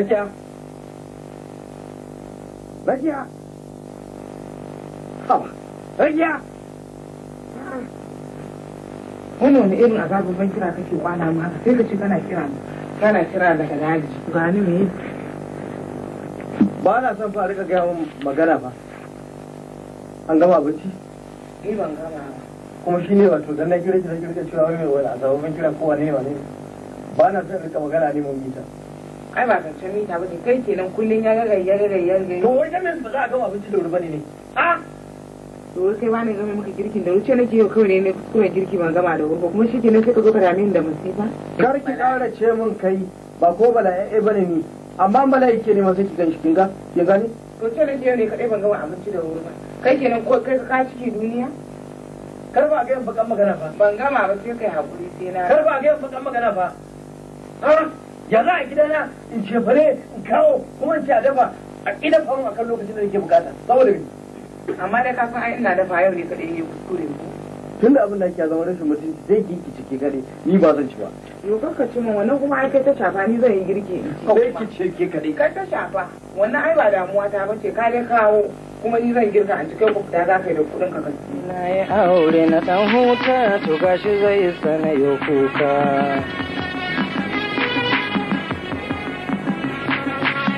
Lafiya. Lafiya. Haba. Lafiya. Wani wani irin azabin ban kira kake kwana ma sai ka ce kana kira kana kira daga daji. ni me? Ba na son fa rika gaya min magana ba. An gama abinci? Ni ban gama ba. Kuma shi ne wato dan na kira kira kira cewa wai wani azabin ban kira kowa ne ba ne. Ba na son rika magana ne mun mita. ai ba zancen mita ba ne kai kenan kullun ya gagai ya gagai ya gagai to wai nan ba za a gama abinci da wuri bane ne a to sai ba ne gama maka girkin da wuce nake yau kawai ne ne kuskuren girki ban gama da wuri kuma shi kenan sai ka zo ka dame ni da musifa kar ki ƙara ce min kai ba ko bala bala'e bane ni amma bala ke ne ma sai ki ganshi kin ga kin gani to ce nake ne kadai ban gama abinci da wuri ba kai kenan ko kai ka ciki duniya kar ba ga yin bakan magana ba. ban gama ba sai kai hakuri sai na kar ba ga yin bakan magana ba. ya za a gidana in ce bare in kawo kuma in ci a dafa a ƙidan faru a kan lokacin da nake bukata saboda me amma dai ka san ai ina dafa yau ne kaɗai ne kuskure ko tun da abin da ke zama rashin mutunci zai girki ciki kaɗai ni ba zan ci ba yau ka ci min wannan kuma ai kai ta shafa ni zan yi girki zai ki ce ke kai ta shafa wannan ai ba damuwa ta bace ka dai kawo kuma ni zan girka a cikin ku da za ka yi da kuɗin ka na yi aure na ɗan huta to gashi zai sanayo kuka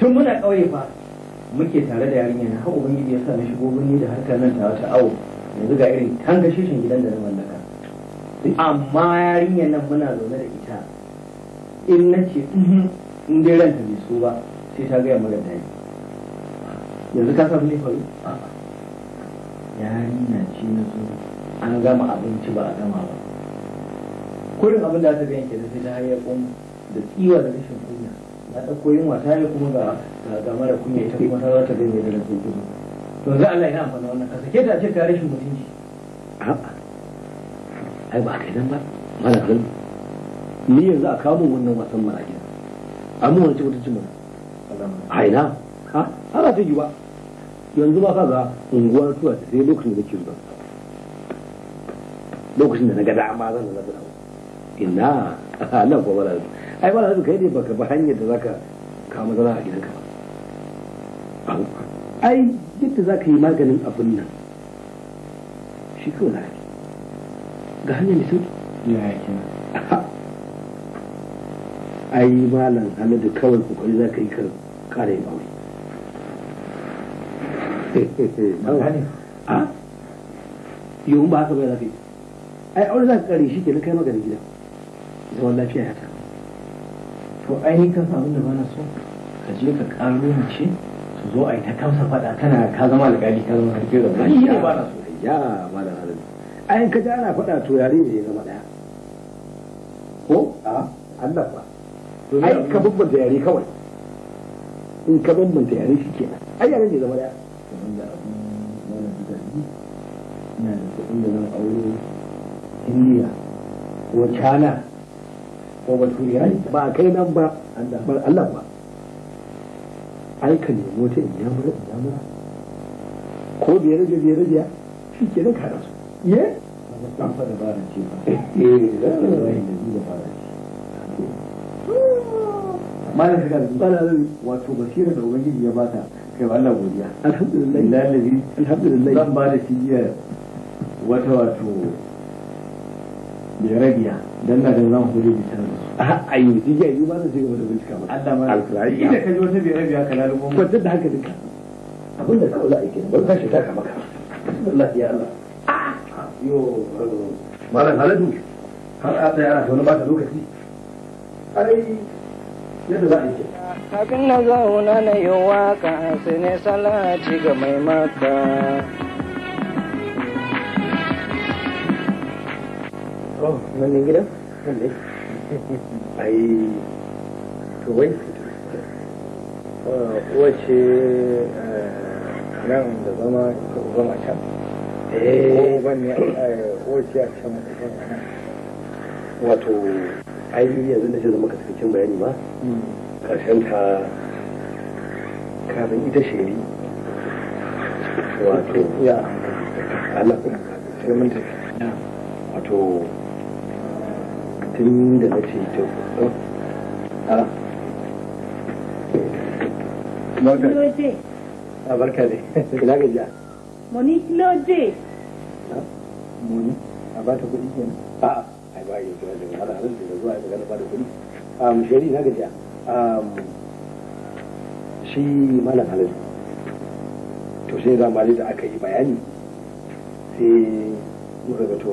tun muna ƙauye fa muke tare da yarinya na har ubangiji ya sa na shigo birni da harkar nan ta wata awo yanzu ga irin kan gashishin gidan da na mallaka amma yarinya nan muna zaune da ita in na ce mhm, in dai ranta bai so ba sai ta gaya mara daɗi yanzu ka samu ne faru yarinya ce na zo an gama abinci ba a gama ba kurin abin da ta gani ke sai ta hayar da tsiwa da rashin kuma na ɗauko yin wata ne kuma ga ga mara kunya ita kuma ta za ta daina da rabin kudu to za Allah ya amfana wannan ka sake ta ce ka rashin mutunci ai ba kai nan ba malakin ni yanzu a kawo wannan wasan mara gida an mu wani mutuncin mana ai na ha ana ta yi ba yanzu ba ka ga unguwar tuwa ta sai lokacin da nake zuwa lokacin da na ga dama zan da na ina Allah ko ba ai ba kai ne baka bi hanyar da zaka kawo matsala a gidanka ai da zaka yi maganin abin nan shi kawai zaka ga hanyar da sauki ai malam da kawai kokari za ka yi ka kare yin aure a ah. ba haka bai za ka yi ai aure za ka kare shi ke na kai maganin gida zaman lafiya ya ta to ainihin abin da bana so ka je ka karo mace su zo a yi ta kamsa faɗa kana ka zama alƙali ka zama harfe da wani shi bana so ya malam halin ayin ka ji ana fada to yare ne ya zama ɗaya ko a Allah ba ai ka bambanta yare kawai in ka bambanta yare shi kenan ai yare ne zama ɗaya ina da kuɗin da zan aure indiya ko china ko ba turi ba kai nan ba bar Allah ba ai ka nemo ta in yamura in yamura ko bai rage bai rage shi ke nan kara su ye dan fa da ba na ce ba eh da eh, eh. da da ba ah, amma da shiga da da wato basira da ubangiji ya bata kai ba Allah godiya alhamdulillah alhamdulillah zan ba da shi wato wato bai rabiya dan na da zan hore bi tare a ai ije yi ba zan ci gaba da bincika ba Allah ma alƙur'ani ina ka ji wata bai rabiya ka lalubo mu kwanta da haka duka abin da kawai za a yi kenan ba za shi taka maka Allah ya Allah ah! yo malam haladu har a tsaya ana tauna ba ta lokaci ai yadda za a yi abin na zauna na yi waka sai ne salati ga mai maka wannan gidan wanda to wai zama a can wato ai yanzu da zama cikin bayani ba karshen ta kafin ita shiri wato ya Allah sai mun wato tun da na ce ta Lode. A barka ne. Ina ga ja. Moni Lode. Moni. A ba ta kuɗi kenan. a Ai ba yi zuwa daga mara halin da zuwa daga ba da kuɗi. A mushari ina ga ja. Shi malam halin. To sai zamani da aka yi bayani sai muka ga to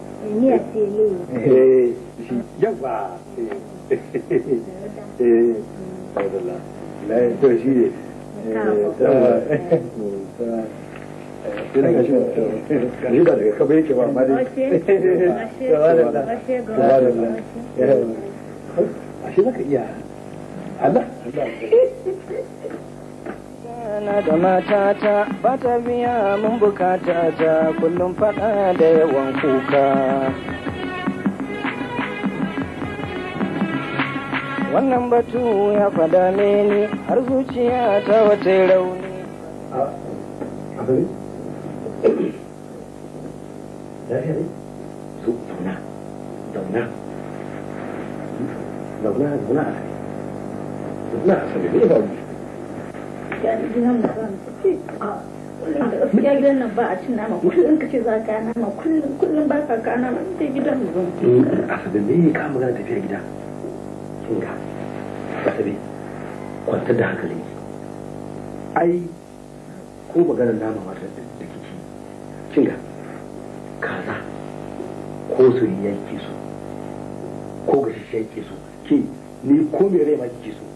miya tilo eh yawa Allah na da matata ba ta biya mun bukata ta kullum faɗa da yawan kuka wannan batu ya fada mini har zuciya ta wata rauni zauna zauna zauna a gaskiya ne a cin nama kullum nama kullum ba ka ka nama gidan mu a sabi me ka magana tafiya gida kin ga sabi kwantar da hankali ai ko maganar nama wata da kike kin ga kaza ko soyayya kike so ko gashi so ki ni ko me rai ma kike so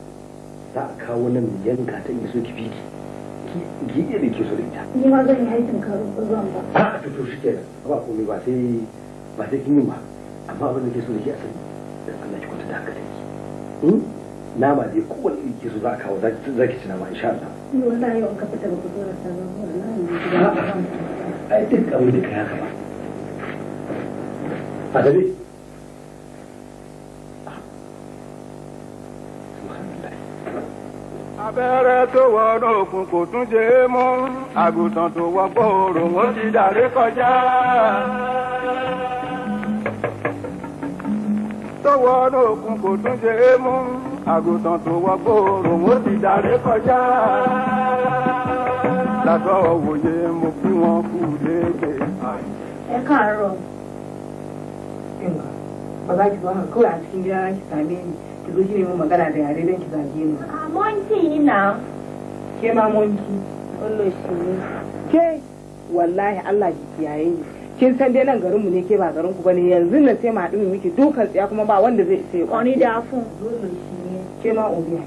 za a kawo nan yanka ta iso ki fiki ki iya da ke so da ita ni ma zan yi haikin karo ko zan ba a to to shi ke ba komai ba sai ba sai kin yi ma amma abin da ke so da ke a sani dan Allah ki kwanta da hankalinki hmm? nama dai kowane iri ke so za a kawo za ki ci nama insha Allah ni wallahi yau ka fita ba ku zo ta ba wallahi ai duk abin da ka yaka ba a dare abẹ́rẹ́ tó wọnú òkun kò tún ṣe é mú àgùntàn tó wọgbọ́ òrò ó ti dàrí kọjá. tó wọnú òkun kò tún ṣe é mú àgùntàn tó wọgbọ́ òrò ó ti dàrí kọjá. òwòye mo kí wọn kú ẹ káàárọ̀ zo shi ne mun magana da yare don ki zage ni. A monki ina. Ke ma monki. Allah shi Ke wallahi Allah ki kiyaye ni. Kin san dai nan garinmu ne ke ba garin ku bane yanzu nan sai mu haɗu mu miki dukan tsiya kuma ba wanda zai sai. Oni da fun. Ke ma obi.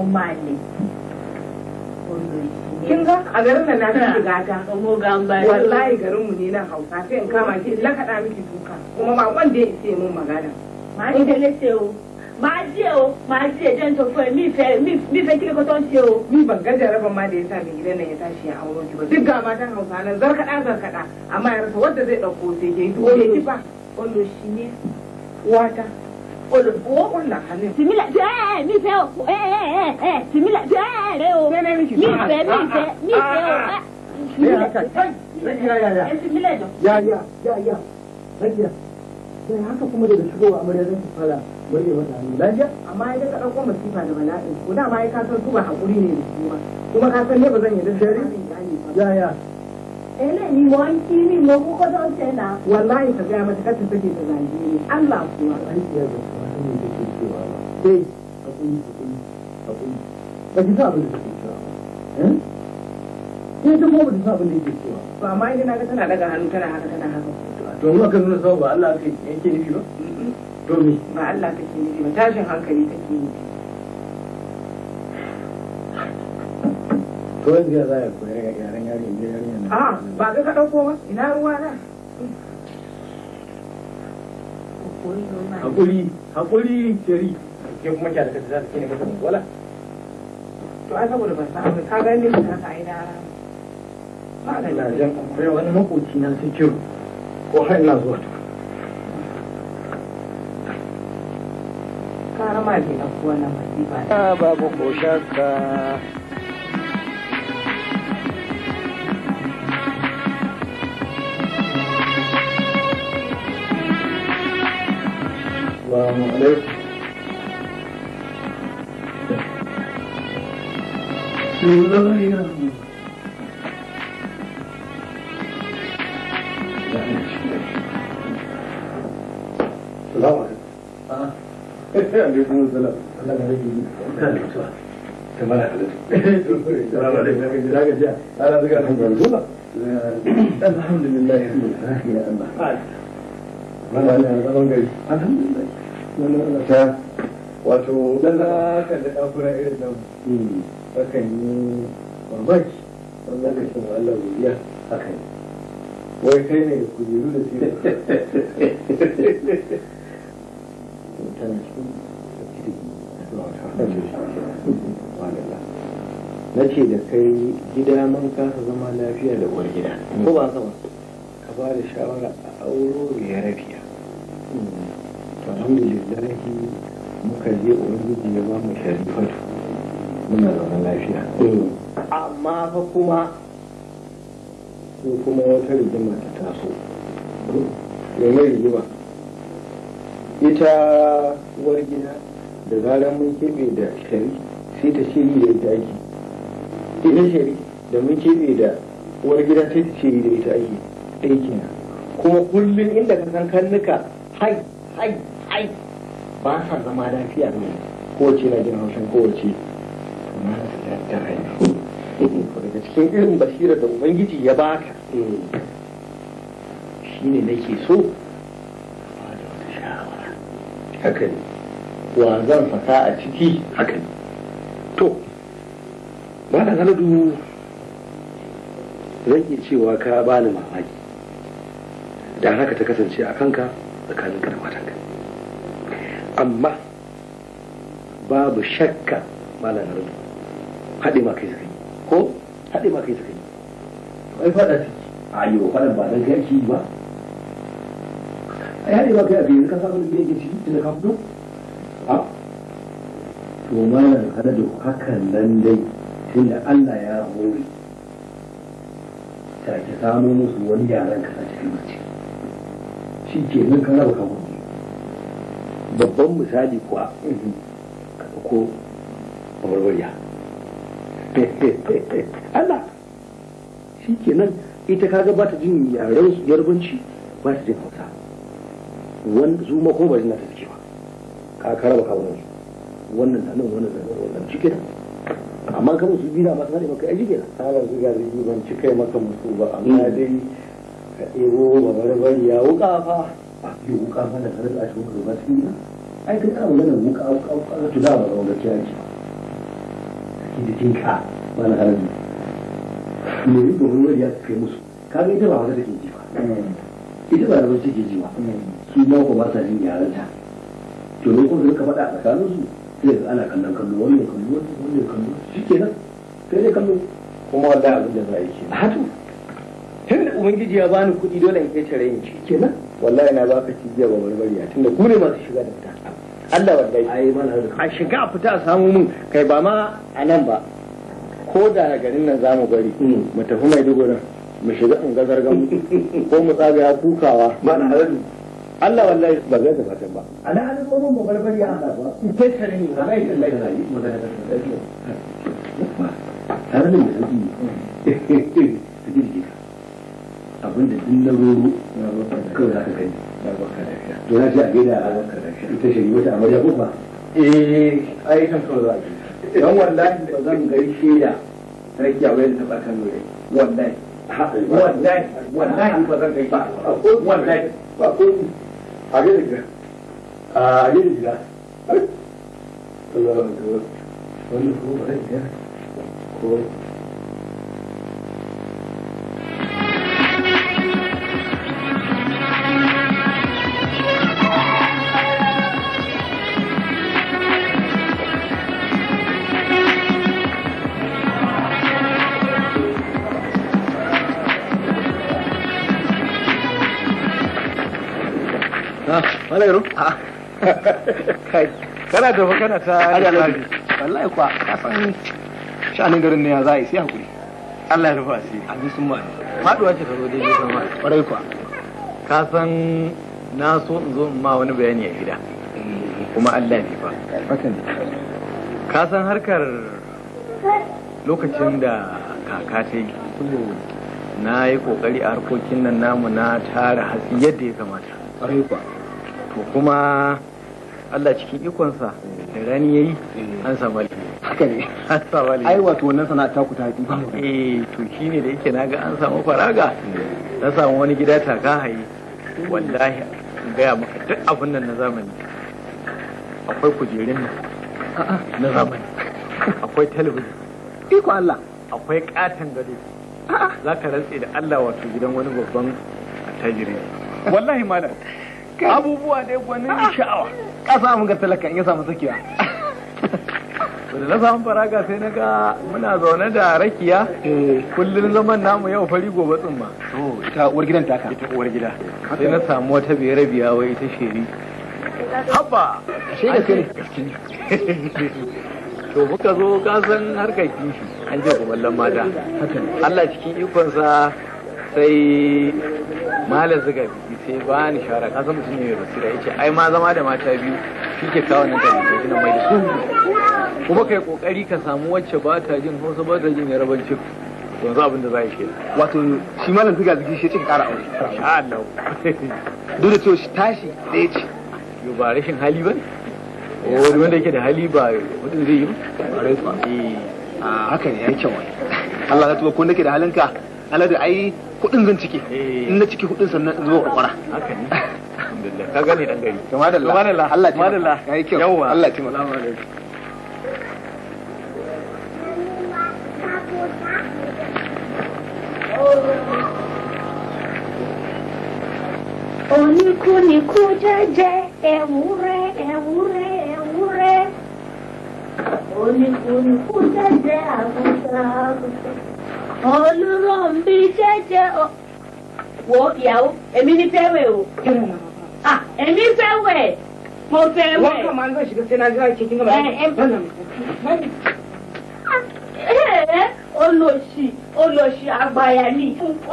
Umali. kin ga a garin nan na ta shiga ta wallahi garinmu ne nan hausa sai in kama ki lakaɗa miki duka kuma ba wanda ya sai mun magana máa ń délé ṣe o máa jí o máa jí ẹjọ́ ń sọ fún ẹ mi fẹ́ mi fẹ́ kíkẹ́ kọ́tọ́ ṣe o. ni ban gaji rabon ma da ya sa mai gidan nan ya tashi a auren ki ba duk ga matan hausa nan zarkaɗa zarkaɗa amma ya rasa wanda zai ɗauko sai ke o tuwo ki ba. olo shi ne wata olo wo ola kane. simila ti ẹ ẹ mi fẹ́ o ẹ ẹ ẹ ẹ simila ti ẹ ẹ rẹ o mi fẹ́ mi fẹ́ mi fẹ́ o. ne y'a ta ya ya ya ya ya ya ya ya. sai haka kuma daga shigowa amarya zan fara murje mata hannu lafiya amma ya ka ɗauko masifa da bala'in ko da ma ya ka san su ba hakuri ne da kuma kuma ka san ne ba zan yi da shari ya ya ele eh, ni wani kini mo ko ko don tena wallahi ka ga mata ta take da zangi ne Allah kuwa ai ya ga wani da ke cewa sai hakuri a hakuri ba ji abin da ke cewa eh sai ta mu ba ji abin da ke cewa ba eh? amma idan na ga tana daga hannu tana haka tana haka domin mu aka nuna sama ba Allah aka yake nufi ba Domin. ba Allah kake nufi ba tashin hankali kake nufi. to yanzu ya za a koyar ga yaran yari inda yari yana. Ah, ba ga ka dauko ba ina ruwa na hakuri hakuri shari ke kuma kya da kasa za ta kene mata wala to ai saboda ban san ka gane ka sa ina ba na jan akwai wani makoci na sikiru wallahi karama bai ɗauko wannan masifa babu ko shakka السلام جاء بكم السلام الله عليك كما السلام عليكم لكن جاء انا ذكر الحمد لله الحمد لله الحمد لله الحمد لله الحمد لله wato lalakan da ɗakuna irin nan akan yi mamaki wannan da shi Allah wuriya akan yi wai kai ne kujeru da siya tana cikin na ce da kai gida mun kasa zama lafiya da uwar gida ko ba sama ka ba da shawara a auro ya rafiya to alhamdulillah muka je ubangiji ya ba mu sharifatu muna zama lafiya amma fa kuma ko kuma wata rigima ta taso domin rigima ita uwar gida da zarar mun keɓe da shari sai ta shiri da ita ake ita shari da mun keɓe da uwar gida sai ta shiri da ita ake ɗaya kenan kuma kullum inda ka san karnuka hai hai hai ba sa zama lafiya ne kowace na jin haushin kowace kuma na ta haifu daga cikin irin basira da ubangiji ya baka eh, shi ne nake so ba da wata shawara haka ne wa zan fasa a ciki haka ne to da haladu zan iya cewa ka bani mamaki da haka ta kasance a kanka tsakanin da matanka amma babu shakka malam haladu haɗe ma kai suka yi ko haɗe ma kai suka yi ai faɗa ciki a yi wa faɗan ba don kai ake ba a haɗe ma kai a biyu ka samu da ciki tun da ka to malam adadu hakan nan dai tun da Allah ya hore ta ki samu musu wani yaran kasa cikin mace shi ke nan ka raba kawo babban misali kuwa mhm. ka ko barbariya Allah shi ke nan ita kaga ba ta jin yaren su yarbanci ba ta jin hausa wanda su mako ba jin na ta suke ba ka raba kawo nan wannan da nan wannan da wannan cikin amma kan su bi da ba sai maka aji kenan ta su ga da ban cika maka musu ba amma hmm. dai ka ɗebo babarbari ya wuka fa a yi wuka fa da karin ashe wuka ba su yi ai kai ka magana wuka wuka wuka da tuna ba ga gaciya ce kake da ka ba na ne. ne yi wani ya kai musu ka ga ita ba haka ke ji ba hmm. ita ba da ba ke ji ba hmm. su ma ko ba sa jin yaranta to ne ne ka faɗa a tsakaninsu sai ana kallon kallo wannan kallo wannan kallo nan sai dai kallo kuma wallahi abin da za a yi kenan hatu tun da ubangiji ya bani kuɗi dole in kai cire yin shi kenan wallahi na baka cijiya ba barbariya tun da ku masu shiga da fita Allah wallahi ai mana a shiga a fita a samu mun kai ba ma a nan ba ko da garin nan zamu bari hmm. mu tafi mai Maiduguri mu shiga in ga gamu ko mu tsagaya kukawa mana halalin Allah wallahi ba zai ta fatan ba ana an ko mu barbari ya Allah ba kai ta ne ba zai ta lai lai mu da har ne mu sauki abin da din na roro na da kawai za ka gani to na ce a gaida ita shi wata amarya ko ba eh ai kan kawai za a dan wallahi ba zan gaishe da sarki a wayar ta ba kan wallahi wallahi wallahi ba zan gaishe wallahi ba kun आगे दिख रहा आगे दिख रहा अल्लाह अल्लाह अल्लाह alairu ah. kana kana ta wallahi kuwa ka san sha'anin garin ne ya za a yi sai hakuri Allah ya rufa ma faduwa ce zo daidai kwarai kuwa ka san na so in zo in ma wani bayani a gida kuma Allah ne fa ka san harkar lokacin da kaka ta yi na yi kokari a harkokin nan namu na tara hatsi yadda ya kamata to kuma Allah cikin ikonsa da rani ya yi eh. an samu haka ne an samu ai wato wannan sana'a ta ku ta haɗi ba eh to ne da yake naga an samu faraga na samu wani gida ta ka haye wallahi gaya maka duk abin nan na zamani akwai kujerun nan na zamani akwai talabijin iko Allah akwai katon gado za ka rantse da Allah wato gidan wani babban attajiri wallahi malam abubuwa dai gwanin sha'awa Ka mun ga talaka in ya samu sakiya da na samu faraga sai na ga muna zaune da rakiya eh. kullum zaman namu yau fari gobe tsumma ita uwar gidan taka ita uwar gida sai na samu wata biyar biya wai ita sheri haba shi da kai to muka zo ka san harkar kishi an je kumallan mata Allah cikin ikonsa sai malam zugabi sai ba ni shawara ka san mutum ne ya basira ya ce ai ma zama da mata biyu shi ke kawo nan da ko kina mai da su kuma kai kokari ka samu wacce ba ta jin hausa ba ta jin yarabanci yanzu abin da za yi kenan wato shi malam tuga zuki shi ya ce ka kara aure insha Allah duk da cewa shi tashi ɗaya ce yo ba rashin hali ba ne wani wanda yake da hali ba mutum zai yi ba eh. haka ne ya yi kyau Allah ka tuba ko nake da halinka Allah da ai hudun zan ciki eh. in na ciki hudun sannan in zo kwakwara haka ne alhamdulillah ka gane dan gari Allah yayi kyau yawa Oni kuni kujaje ewure ewure ewure olùrànbí jẹ́jẹ́ wo ìyàwó èmi ní fẹ́ wẹ̀ o ah, èmi fẹ́ wẹ̀ mo fẹ́ wẹ̀. wọ́n kàn máa ń lọ ṣùgbọ́n sẹ́ni ajá ìṣe kí n bá yẹ. olóṣì olóṣì àgbàyà ni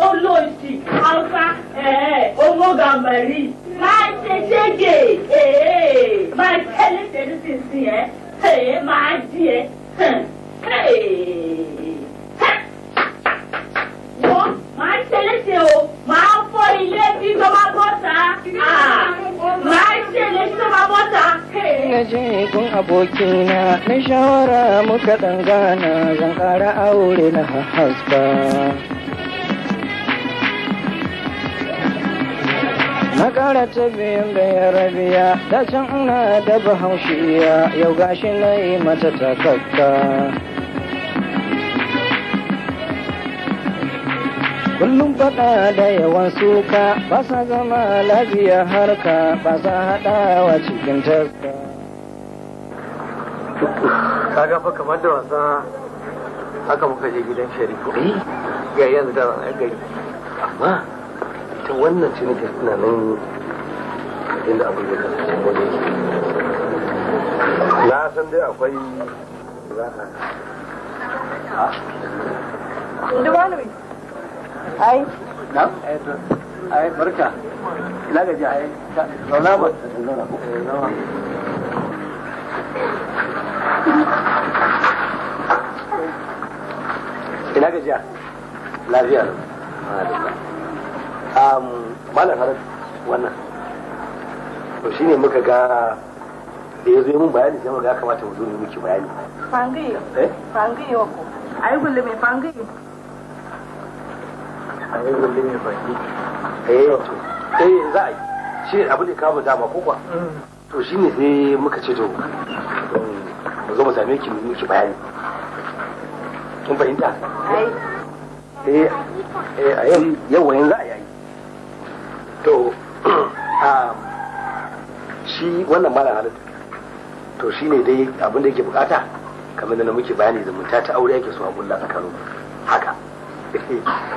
olóṣì alfa eh, omogamari máa ṣe ṣége eh, máa tẹ́lẹ̀ tẹ́lẹ̀ sísìn ẹ̀ eh, máa di ẹ̀. máa o gun abokina na shawara muka dangana zan kara aure na hasba. na kara ta biyun rabiya da can ina da bahaushiya yau gashi na yi mata takakka. kullum fada da yawan suka ba sa zama lafiya harka ba sa hada wa cikin tarka kaga fa kamar da wasa haka muka je gidan sharifu ga eh. yanzu da wani gari amma ita wannan cinikin suna nan inda abu ya kasance wani na san dai akwai Dubanuwi. ai na eh, ai barka ina gaji ai zauna ba zauna ina lafiya um malam wannan to shine muka ga da mun bayani sai muka ga kamata mu zo ne muke bayani fangiyo eh fangiyo ko ai gulle mai fangiyo a yi gulle mai baki eh eh za a yi shi abu ne kawo dama ko kuwa mm. to shi ne sai muka ce to mu zo mu same ki mu miki bayani kun fahimta eh eh a yau yau wayan za a yi to a, ah, shi wannan mara halitta to shi ne dai abin da yake bukata kamar da na muke bayani zumunta ta aure yake so a bulla tsakanin haka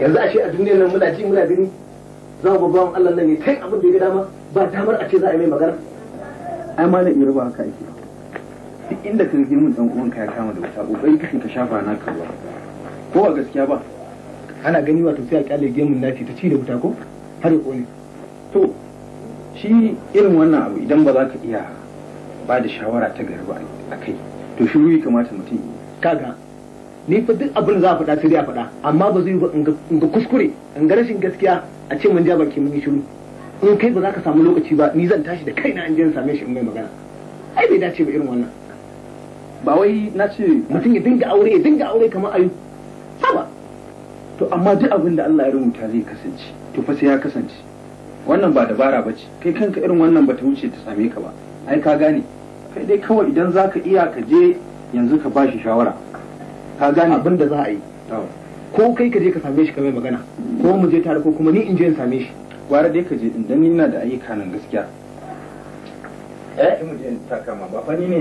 yanzu ashe a duniyar nan muna ji muna gani za mu babban Allah nan ne kai abin da ya dama ba damar a ce za a yi mai magana ai malam ira ba haka yi. duk inda ka rige mun dan uwanka ya kama da wuta kokari kake ka shafa na ka ko a gaskiya ba ana gani wato sai a kyale gemun nafi ta ci da wuta ko har ya kone to shi irin wannan abu idan ba za ka iya ba da shawara ta gari ba a kai to shi ruwi kamata mutum kaga ni fa duk abin za a faɗa sai dai a faɗa amma ba zai ba in ga kuskure in ga rashin gaskiya a ce mun ja baki mun yi shiru in kai ba za ka samu lokaci ba ni zan tashi da kaina in je in same shi in mai magana ai bai dace ba irin wannan ba wai na ce mutum ya dinga aure ya dinga aure kamar ayu saba to amma duk abin da Allah ya rubuta zai kasance to fa sai ya kasance wannan ba dabara ba ce kai kanka irin wannan ba ta wuce ta same ka ba ai ka gane kai dai kawai idan za ka iya ka je yanzu ka ba shi shawara ka gane abin da za a yi ko kai ka je ka same shi ka mai magana ko mu je tare ko kuma ni in je in same shi gwara dai ka je in dan ina da ayyuka nan gaskiya eh mu je in taka ma ba fani ne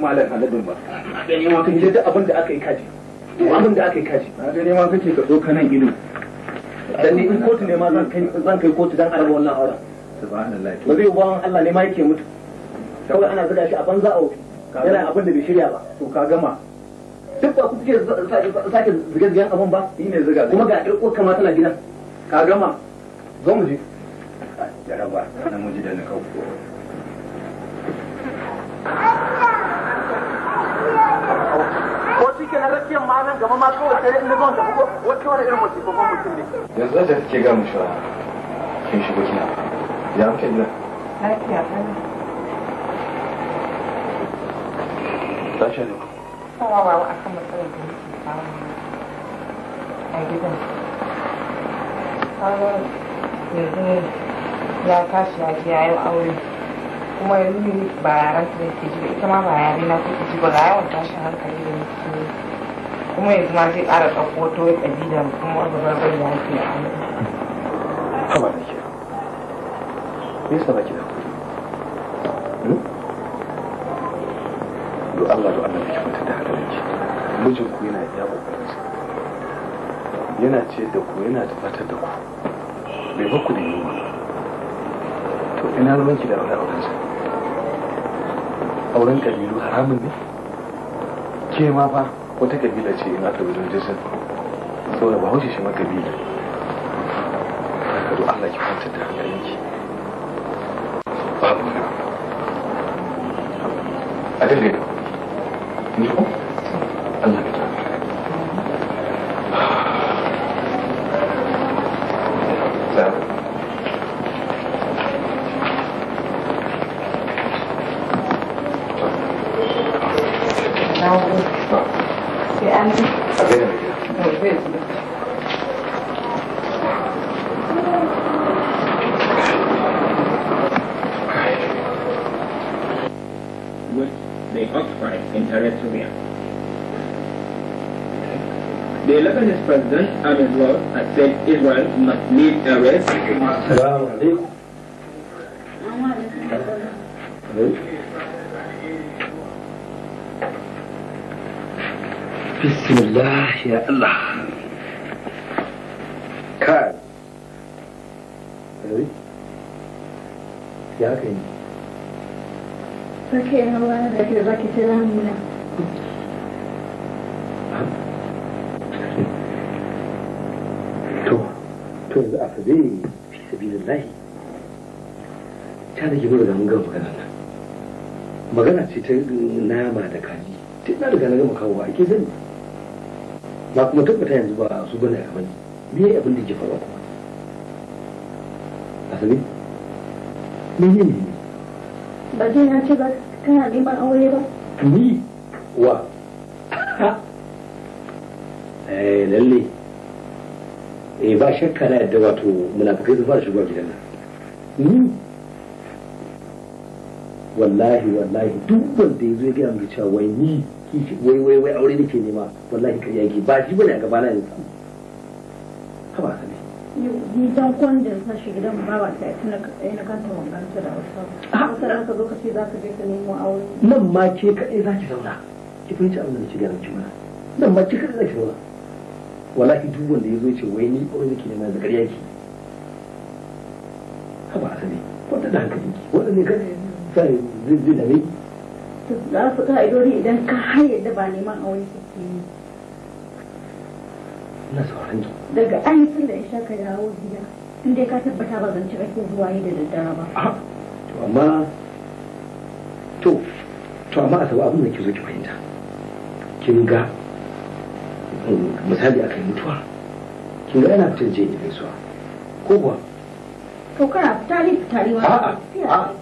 malam haladun ba da ni ma kan je duk abin da aka yi kaji abin da aka yi kaji da ne ma kake ka zo ka nan ido dan ni in kotu ne ma zan kai zan kai kotu dan araba wannan aure subhanallahi ba zai ba Allah ne ma yake mutu kawai ana zuga shi a banza a wofi yana abin da bai shirya ba to ka gama duk ba ku suke sake zirga-zirgan abun ba ni ne zirga kuma ga ɗan uwar kama tana gida ka gama zo mu je jaraba na mu da na kawo shi ke na rakiyar ma nan gama ma kawai sai in zama da kuma wata wani irin mace babban mutum ne. Yanzu da take ga mu shawara kin shigo kina. Ya muke gida? Lafiya kana. Tashi ne. kowa ba a kan matsalar da yake samu a gidan kawo yanzu ya tashi ya ji yayin aure kuma yanzu ba yaran ta yake ji ita ma ba yare na kuka ji ba ga yawan tashin hankali da yake kuma yanzu ma zai ƙara ɗauko wata wai ƙabila kuma ya ke a haba da ke. Me yasa ba ki da do Allah do Allah da mijin ku yana iya kokarin sa yana da ku yana tabbatar da ku bai ba ku da to ina ruwan ki da aure auren sa auren kabilu haramun ne ke ma fa wata kabila ce ina ta wajen jinsin saboda ba haushe shi ma kabila ka do Allah ki kwanta da ki babu na a dinga then Israel must need a rest. عليكم. بسم الله يا الله كار يا كين فكين الله بكي بكي سلام ita nama da kaji tun na daga na gama kawo ba ake sani ba kuma tabbata yanzu ba su a kamar me ya abin da ke faruwa kuma a me ne ne ba zai na ce ba kana neman aure ba ni wa eh lalle eh ba shakka na yadda wato munafikai su fara shigowa gidan nan ni wallahi wallahi duk wanda ya zo ya gaya mai cewa wai ni wai wai wai aure nake nema wallahi kar yaki ba shi bane a gaba na yanzu ka ba sani ni dan kon da na shi gidan ba ba sai tuna kai na kanta wannan da wasu sai ah! aka zo ka ce za ka je ka nemo aure nan ma ke kadai za ki zauna ki fahimci abin da nake gaya miki mana nan ma ki kadai za ki zauna wallahi duk wanda ya zo ya ce wai ni aure nake nema da kar yaki ka ba sani ko da hankali ki wannan ne kadai kan zirgin ne za su ka'idori idan ka har yadda ba neman aure wani kake yi na sauran ki daga ainihin da isha ka dawo gida in dai ka tabbata ba zan ci ake zuwa yi da daddara ba ah, to amma to to amma a sabu abin da ke zo ki fahimta kin ga um, misali aka yi mutuwa kin ga yana fitar je ne gaisuwa ko kuwa to kana fitari fitari wa a'a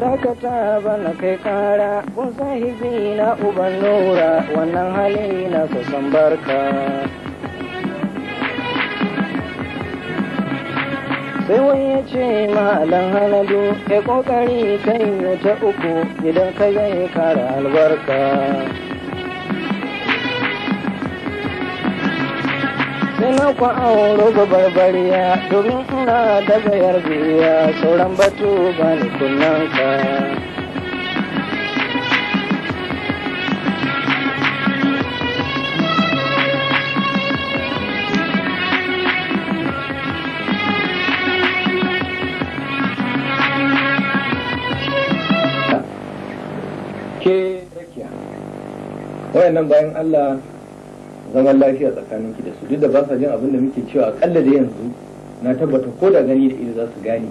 dakata bana kai kara kun sahibi na uban nura wannan hali na su barka sai wani ya ce dan haladu ya kokari kai ta uku idan ka zai kara albarka na ku auro ga barbariya domin ina daga yarbiya sauran batu ba ni kunnan ka ke rakiya wayannan bayan Allah zaman lafiya ki da su duk da ba sa jin abin da muke cewa akalla da yanzu na tabbata ko da gani da ido za su gane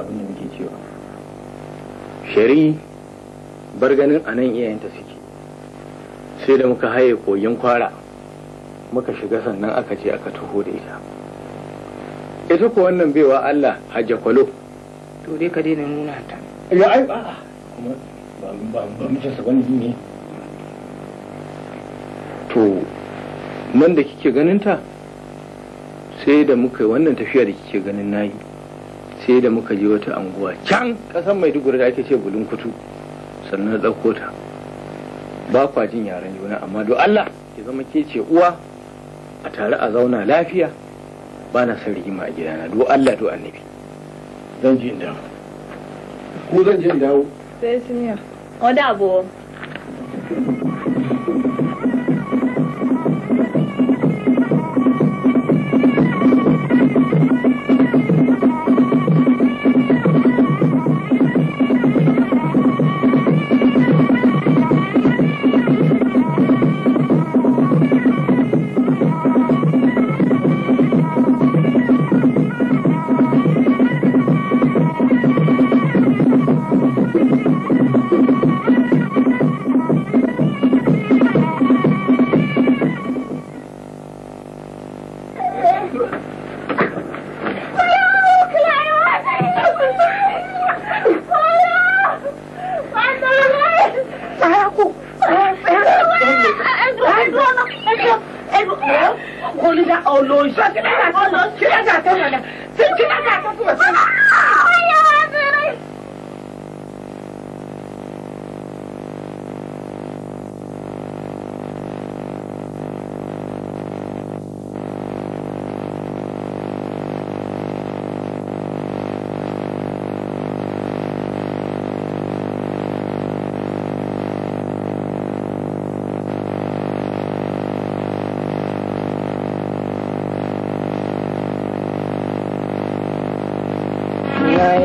abin da muke cewa shari bar ganin a nan iyayenta suke sai da muka haye kogin kwara muka shiga sannan aka ce aka tuho da ita ita ko wannan baiwa Allah hajja kwalo to dai ka daina nuna ta ya ai ba kuma ba ba ba mu ce sabani ne to nan da kike ganin ta sai da muka wannan tafiya da kike ganin na yi sai da muka je wata anguwa can kasan mai dugura da ake ce bulun kutu sannan ɗauko ta ba kwa jin yaren juna amma do Allah ya zama ke ce uwa a tare a zauna lafiya ba na son rigima a gidana do Allah do annabi zan ji inda zan ji dawo sai sunya wani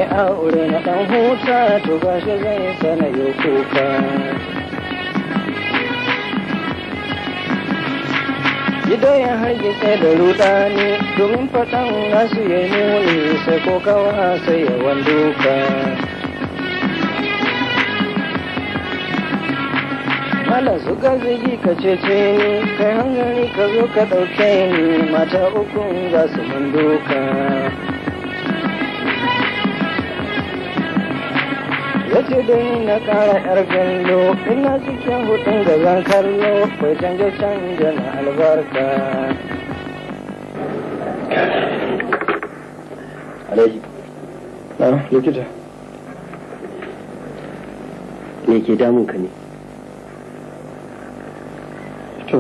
yi aure na ɗan huta to zai zan yi kuka. Gidan ya hargitse da rudani domin faɗan nasu ya nuni sai ko kawa sai ya wanduka. Mala zuga zigi ka cece ni, kai hangari ka zo ka ɗauke ni, mata uku za su manduka. ce da ni na kara yar gallo ina cikin hutun da zan kallo kai canje canje na albarka alaji na likita me ke damun ka ne to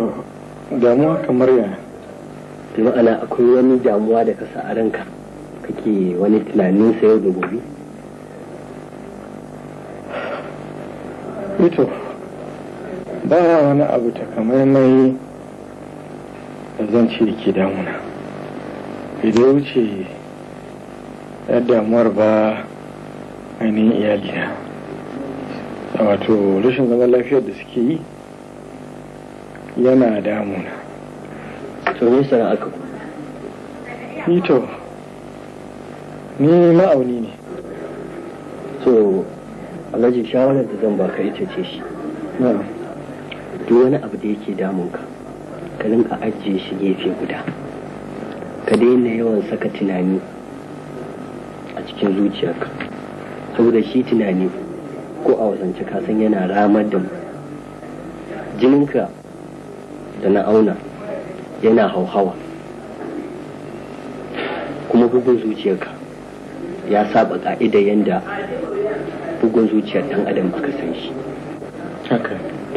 damuwa kamar yana ma'ana akwai wani damuwa da ka sa a ranka kake wani tunanin sa yau da gobe ito eh, ba wani abu takamaimai da zan ce ke damuna idan wuce ya damuwar ba ainihin iyalina wato rashin zaman lafiyar da suke yi yana damuna to me ito eh, ni ma'auni ne so alhaji shawarar da zan baka ita ce shi duk wani abu da yake damun ka ka rinka ajiye shi gefe guda ka daina yawan saka tunani a cikin zuciyarka saboda shi tunani ko a wasance ka san yana ramar da jininka da na auna yana hauhawa kuma bugun zuciyarka ya saba ka'ida yadda bugun zuciyar dan adam aka san shi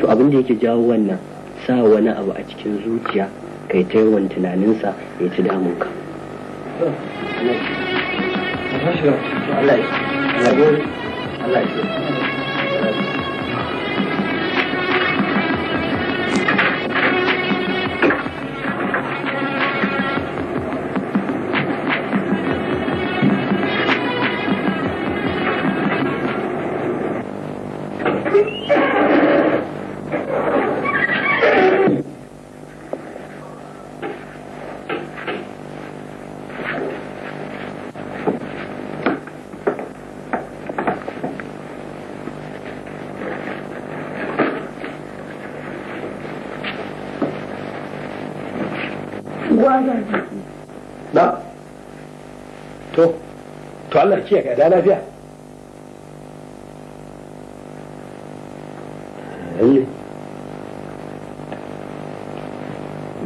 to abin da yake jawo wannan sa wani abu a cikin zuciya kai ta yawan tunaninsa ya ci damun ka Allah ya Allah ya ce ka da lafiya lalle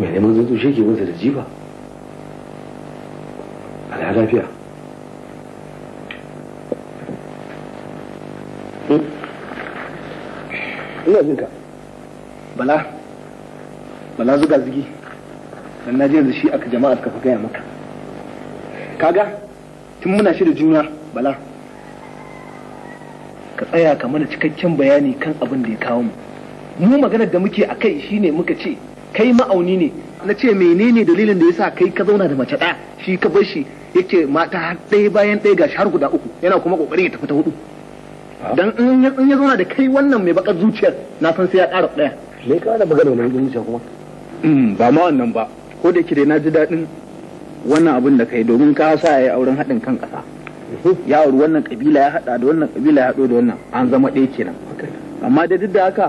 mai neman zuzu shi ke masa da jifa a da lafiya ina jinka bala bala zuga zigi dan na yanzu shi aka jama'a suka fi gaya maka kaga tun muna shi da juna bala ka tsaya ka mana cikakken bayani kan abin da ya kawo mu mu maganar da muke a kai shi ne muka ce kai ma'auni ne na ce menene dalilin da ya sa kai ka zauna da mace ɗaya shi ka bar shi yake mata ɗaya bayan ɗaya gashi har guda uku yana kuma ƙoƙarin ya tafi ta hudu ah. dan in ya zauna da kai wannan mai bakar zuciyar na san sai ya ƙara ɗaya me ka da ne wannan zuciya kuma hmm, ba ma wannan ba ko da yake dai na ji daɗin wannan abin da kai domin ka sa ya auren haɗin kan ƙasa mhm. ya auri wannan ƙabila ya haɗa da wannan ƙabila ya haɗo da wannan an zama ɗaya kenan amma da duk da haka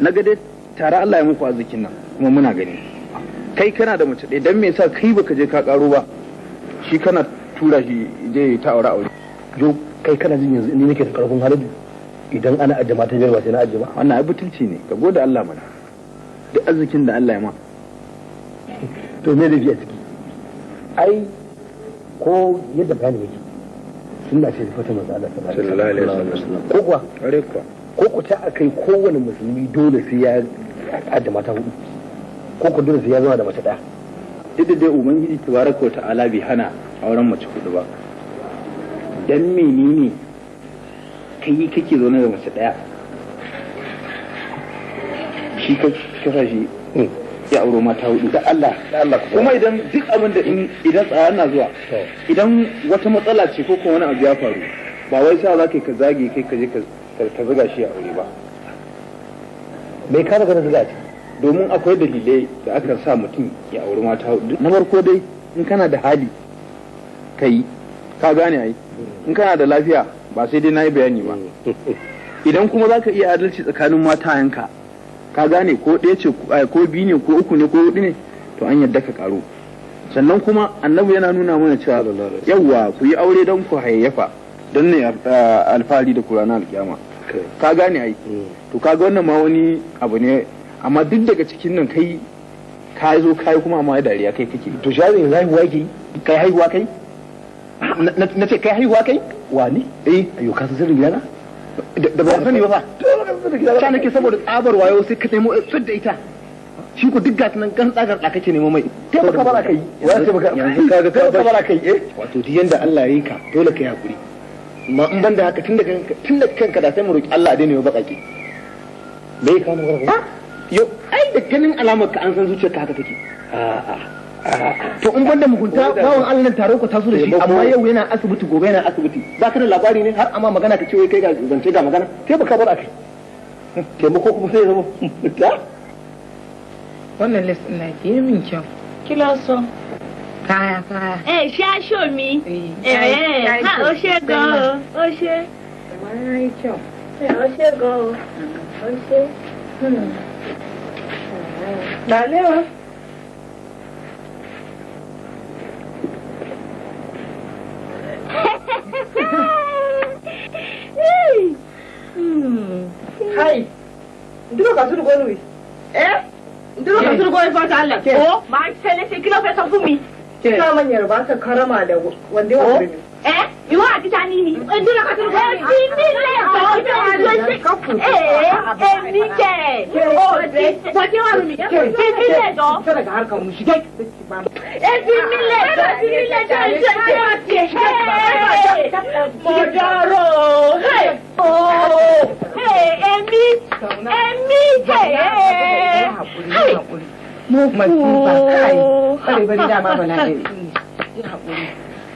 na ga dai tare Allah ya muku arzikin nan kuma muna gani kai kana da mace ɗaya dan me yasa kai baka je ka karo ba shi kana tura shi je ta aure aure yau kai kana jin yanzu ni nake da ƙarfin halabi idan ana ajjama ta biyar sai na ajjama wannan ai butulci ne ka gode Allah mana duk arzikin da Allah ya ma to me da biya ciki ai ko yadda bayani yake sunna ce fata manzo Allah ta alaihi wasallam ko kuwa ko ku ta akai kowane musulmi dole sai ya adda mata hudu ko ku dole sai ya zama da mace daya duk da dai ubangiji tabaraka wa ta'ala bi hana auren mace hudu ba dan menene kai kake zaune da mace daya shi ka kasa shi hmm. ya auro mata hudu da Allah kuma idan duk abin da idan tsaya na zuwa idan wata matsala ce ko kuma wani abu ya faru ba wai sa za ka ka zage kai ka je ka zuga shi a aure ba bai ka daga ce domin akwai dalilai da aka sa mutum ya auri mata hudu na farko dai in kana da hali ka ka gane ai in kana da lafiya ba sai dai na yi bayani ba mm. idan kuma za ka iya adalci tsakanin mata yanka ka gane ko ɗaya ce ko biyu ne ko uku ne ko hudu ne to an yadda ka karo sannan kuma annabi yana nuna mana cewa yawa ku yi aure don ku hayayyafa don ne ah, alfahari da kurana alkiyama ka gane ai mm. to ka wannan ma wani abu ne amma duk daga cikin nan kai ka zo kai kuma amma dariya kai kake to shazi yanzu haihuwa yake kai haihuwa kai na ce kai haihuwa kai wani eh ayo ka san sirrin da ba sani ba fa sha nake saboda tsabar wayo sai ka nemo tsud da ita shi ku duk gasunan kan tsagar da kake nemo mai taimaka bara kai ya ce baka yanzu kaga taimaka bara kai eh wato duk yanda Allah ya yi ka dole ka hakuri amma in banda haka tun da kanka tun da kanka da sai mu roki Allah a daina baka ki bai kama ba yo ai da ganin alamar ka an san zuciyarka haka take a'a ah, ah. to in da mugunta bawon Allah nan taro ku taso da shi amma yau yana asibiti gobe yana asibiti ba ka da labari ne har amma magana ka ce kai ga zance da magana sai baka bar akai mako kuma sai zama ta wannan lesson na ke min kyau kila so kaya kaya eh sha show mi eh, eh ha o she go o she mai kyau eh o she go o she hmm Hai, duka ka suru gonu wis. Eh? Duka ka suru gonu fata Allah. Oh, ma sai ne sai kilo fesa fumi. Ka manyar ba ka karama da wanda ya wani. ẹ ìwọ àti ta ni èmi lọkọ tó ń bọ èmi nílé ẹ̀kọ́ ọjọ́ ìlú ẹ èmi kẹ òde tọjú wà mí èmi nílé ẹjọ́ èmi nílé ẹjọ́ èmi nílé ẹjọ́ ìjọ ìjọ ìjọ ìjọ mọdọrọ èmi èmi kẹ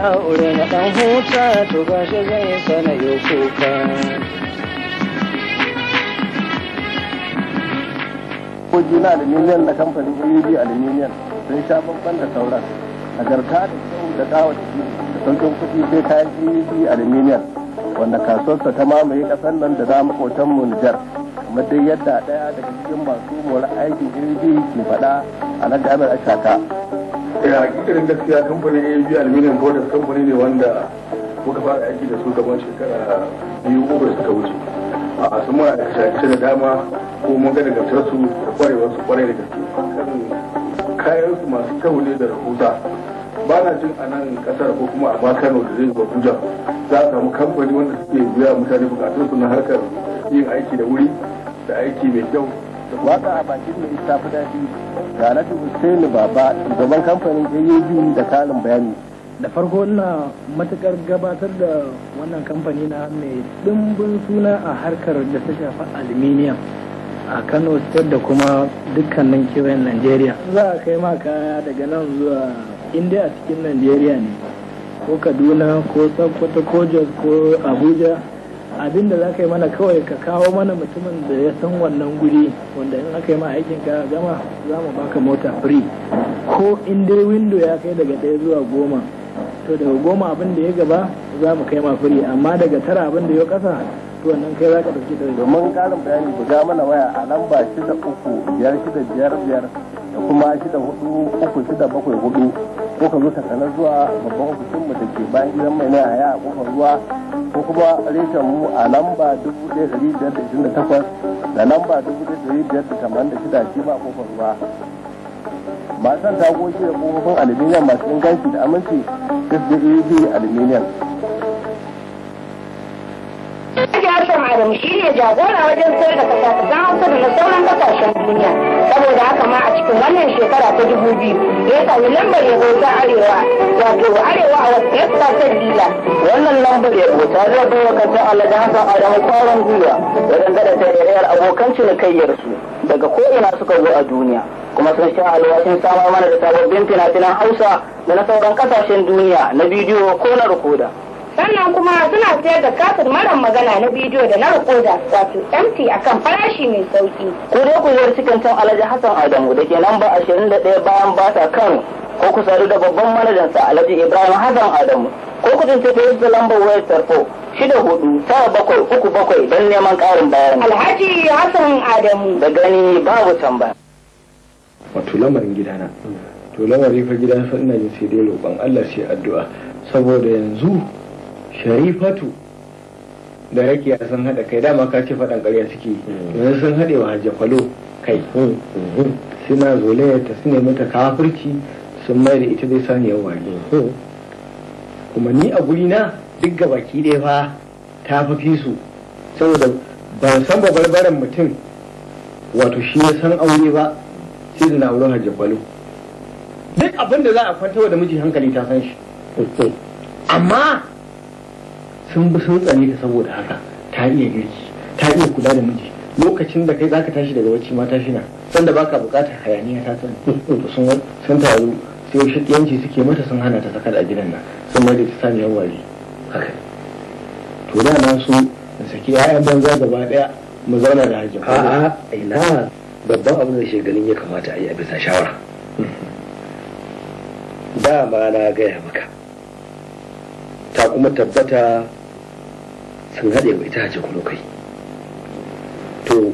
aure na dan huta to zai kuka kogi na aluminiyan na kamfanin UAB aluminiyan sun sha babban da sauran nagarta da kyau da kawo jiki da sauƙin kuɗi sai kayan UAB aluminiyan wanda kasuwarsa ta mamaye ƙasar nan da za mu Nijar. kamar dai yadda ɗaya daga cikin masu mora aikin UAB ke faɗa a nan jami'ar Ashaka ya eh, hakikarin gaskiya kamfanin ab Aluminium Borders kamfani ne wanda muka fara aiki da su gaban shekara biyu uku suka wuce a sun muna da kashe da dama ko mun ga daga su da kwarewar su kwarai da gaske kayan su masu kyau ne da rahusa ba na jin a nan kasar ko kuma a makano da zai zuwa abuja za a samu kamfani wanda suke biya mutane bukatun su na harkar yin aiki da wuri da aiki mai kyau waka a bakin mai ita fi ga nadu Hussein Baba gaban kamfanin AAB da kalin bayani. Da farko ina matukar gabatar da wannan kamfani na mai dimbin suna a harkar da ta shafi aluminium a Kano State da kuma dukkanin kewayen Najeriya. Za a kai ma kaya daga nan zuwa Indiya a cikin Najeriya ne ko Kaduna ko Sokoto ko Jos ko Abuja abin da za ka yi mana kawai ka kawo mana mutumin da ya san wannan guri wanda in aka yi ma aikin ka gama za mu baka mota free ko in dai window ya kai daga ɗaya zuwa goma to daga goma abin da ya gaba za mu kai ma free amma daga tara abin da ya kasa to wannan kai za ka ɗauki da domin ƙarin bayani ku ga mana waya a lamba shida uku biyar shida biyar biyar da kuma shida hudu uku shida bakwai hudu ko ka zo ka zuwa babban ofishinmu da ke bayan gidan mai na haya a kofar ruwa ko kuma reshen mu a lamba 1528 da lamba 1586 shi ba kofar ruwa matan ta goge da kofofin aluminium masu inganci da aminci da aluminium mu shi ne jagora wajen sayar da kasa ta hausa da na sauran kasashen duniya saboda haka ma a cikin wannan shekara ta dubu biyu ya sami lambar yabo ta arewa wato arewa a wasu ya ta dila wannan lambar yabo ta zaba wa kasa alhaji hassan adamu kwarin gwiwa wajen gada tarayyar abokan su daga ko'ina suka zo a duniya kuma sun sha alwashin samar mana da sababbin fina-finan hausa da na sauran kasashen duniya na bidiyo ko na rikoda. sannan kuma suna sayar da katin marar magana na bidiyo da na rikoda wato mt akan farashi mai sauki ku dai ku cikin can alhaji hassan adamu da ke namba ashirin da daya bayan bata kano ko ku sadu da babban manajansa alhaji ibrahim hassan adamu ko ku tuntuɓe yadda lambar wayar tarfo shida hudu tara bakwai uku bakwai don neman ƙarin bayani alhaji hassan adamu da gani babu tambaya wato lamarin gidana to lamarin fa gidan sa ina jin sai dai roƙon Allah sai addu'a saboda yanzu sharifatu da rakiya sun haɗa kai dama ka ce faɗan ƙarya suke mm. yanzu sun haɗe wa hajja kwalo kai mm. Mm. suna zolaya ta su nemi ta kafirci sun mai da ita dai saniyar wani kuma ni a guri na duk ga baki ɗaya fa ta fafi su saboda ban san babarbaran mutum wato shi ya san aure ba sai da na wurin hajji kwalo duk abin da za a kwantar da miji hankali ta san shi amma sun bi sun tsani ta saboda haka ta iya girki ta iya kula da miji lokacin da kai zaka tashi daga wacce mata shi na sanda baka bukatar hayaniya ta san sun sun taru sai yanci suke mata sun hana ta sakar a gidan nan sun mai da ta sami wari haka to da na so in saki 'ya'yan banza gaba daya mu zauna da hajji a'a ina babban abin da shegalin ya kamata a yi a bisa shawara ma na gaya maka ta kuma tabbata sun haɗe mai ta hace kuma kai to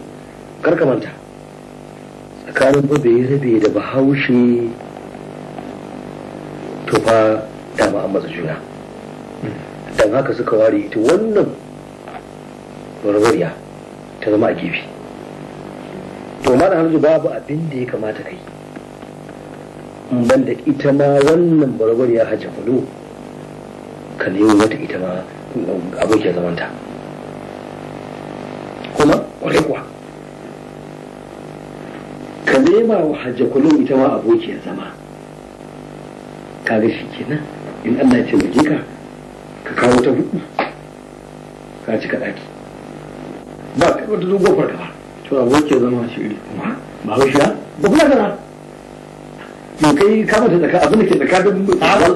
karka manta tsakanin babe rabe da bahaushe to fa dama an matsa juna don haka suka ware ita wannan barbariya ta zama a gefe to ma da hanzu babu abin da ya kamata kai ban da ita ma wannan barbariya hajji kulo ka nemo wata ita ma abokiyar zamanta kuma kwarai kuwa ka nema wa hajja kullum ita ma abokiyar zama kaga shi kenan in Allah ya taimake ka ka kawo ta hudu ka cika daki ba ka wata dogon farka ba to abokiyar zama shiri kuma ba hushiya ba kuma gara kai ka mata da abin da ke da da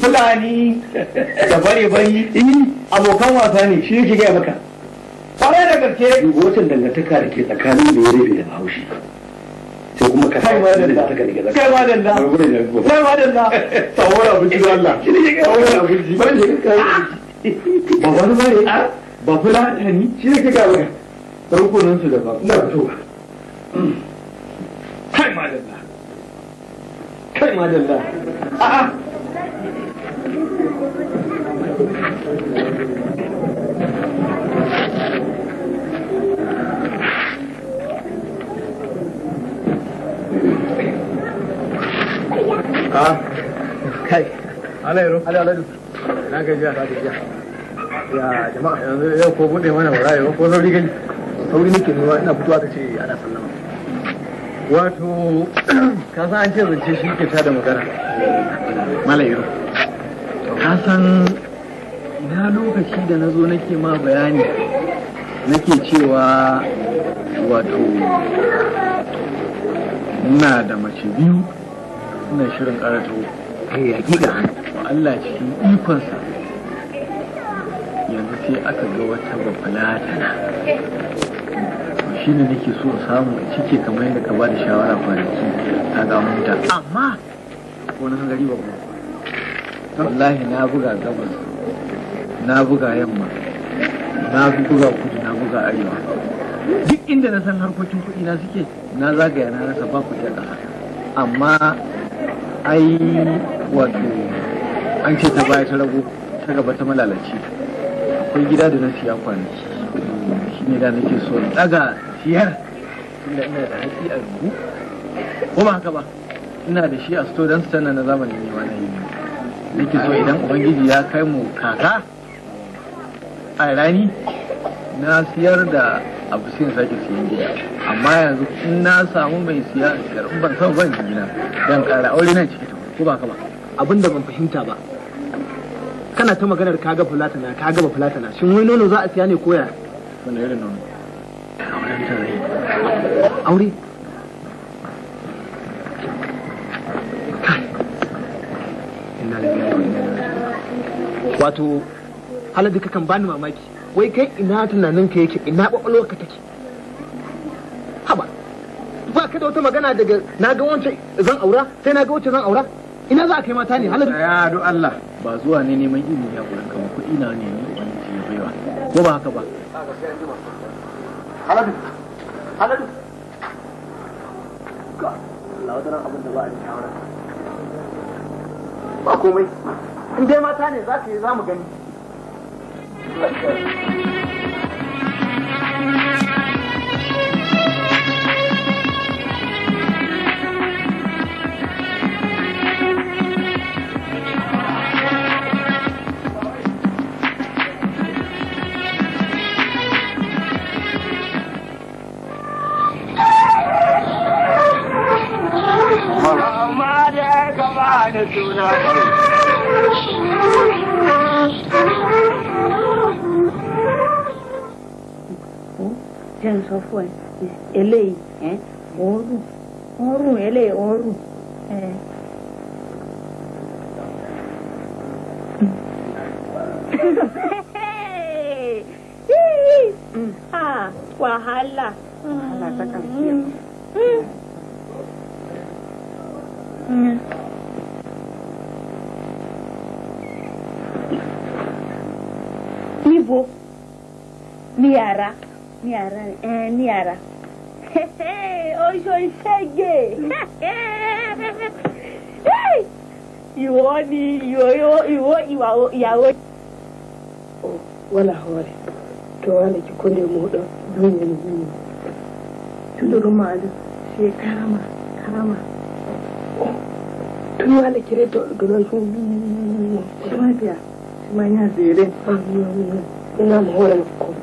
fulani da bare bari eh. abokan wasa ne shi yake gaya maka da gaske wacin dangantaka da ke tsakanin da ya da sai kuma ka madan da da kai madan da kai madan da shi ne wani ba ba wani bare ba fulani shi ne ke kai ma dalla a'a kai alairo alairo na gajiya ta gajiya ya jama'a yanzu yau ko bude mana ba rayu ko sauri gani sauri nake nema ina fitowa ta ce ana sallama wato ka san an ce zance shi ke da magana malayiru ka san na lokaci da na zo nake ma bayani nake cewa wato muna da mace biyu suna shirin karatu kai ya giga Allah cikin ikonsa yanzu sai aka ga wata bafalatana shi ne nake so samu cike kamar yadda ka ba da shawara kwanaki ta ga huta amma wani hangari ba kuma wallahi na buga gabas na buga yamma na buga kudu na buga arewa duk inda na san harkokin kuɗi na suke na zagaya na rasa ba kuɗi a amma ai wato an ce ta baya ta rago ta gaba ta malalace akwai gida da na siya kwanaki shi ne da nake so daga siyar tunda ina da hatsi a rubu kuma haka ba ina da shi a sto don sannan na zamanin ne wani yi nake so idan ubangiji ya kai mu kaka a rani na siyar da abu sai sake siyan gida amma yanzu in na samu mai siya siyar in ban san ban gina dan ƙara aure nan ciki ta ko ba ka ba abin da ban fahimta ba kana ta maganar kaga fulatana kaga ba fulatana shin wai nono za a siya ne koya wani irin nono aure wato haladu kakan bani mamaki wai kai ina tunanin ka yake ina kwakwalwar ka take haba ba ka da wata magana daga na ga wancan zan aura sai na ga wancan zan aura ina za a kai mata ne haladu ya do Allah ba zuwa ne neman ilimi ya gurin kama kuɗi na ne ne wani ke baiwa ko ba haka ba haladu haladu ba a komai in dai mata ne za ka yi za mu gani fún ẹ eléyìí ẹ òórùn òórùn eléyìí òórùn ẹ. Hmm. Ah, wàhálà wàhálà sákàlì sí ẹ. Niara, é, Niara. Hoje eu cheguei. Iwoni, iwo, iwo, iwa, iawo. Wala hore. eu wala ki eu mu do eu ni. Tuduru malu sai karama, karama. Tun wala kire to gano sun. Kuma biya, shi ma ina zere. Ina mu hore ko.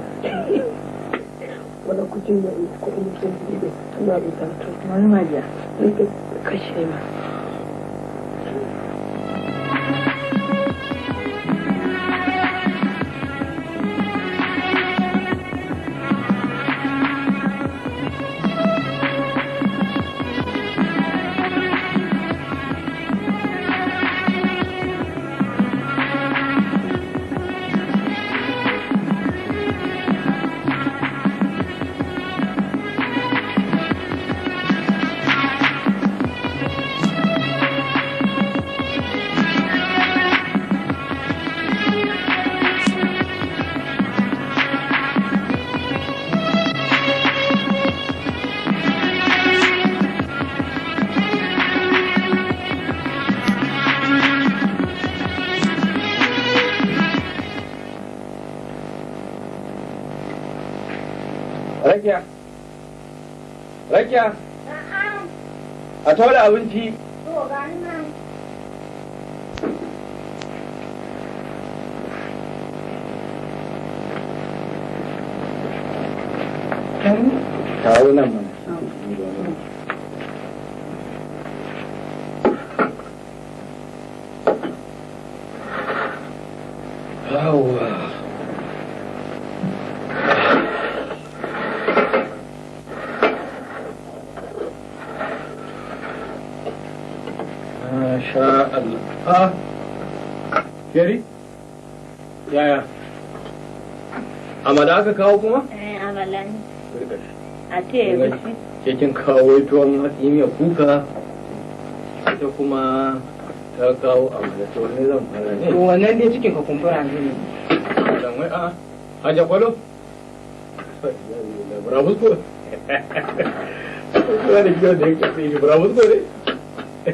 wani kuɗi ne kuɗin jirgi ne tana da zartar. Wani majiya. Ni da kashe ma. gaskiya a taura abinci Tawo nan aka kawo kuma? Eh, amalan. A ce ya Ce kin kawo tuwon mai kuka, ita kuma ta kawo ne ne. a haja kwalo. Bravo ko. Wani gidan da yake ko ne.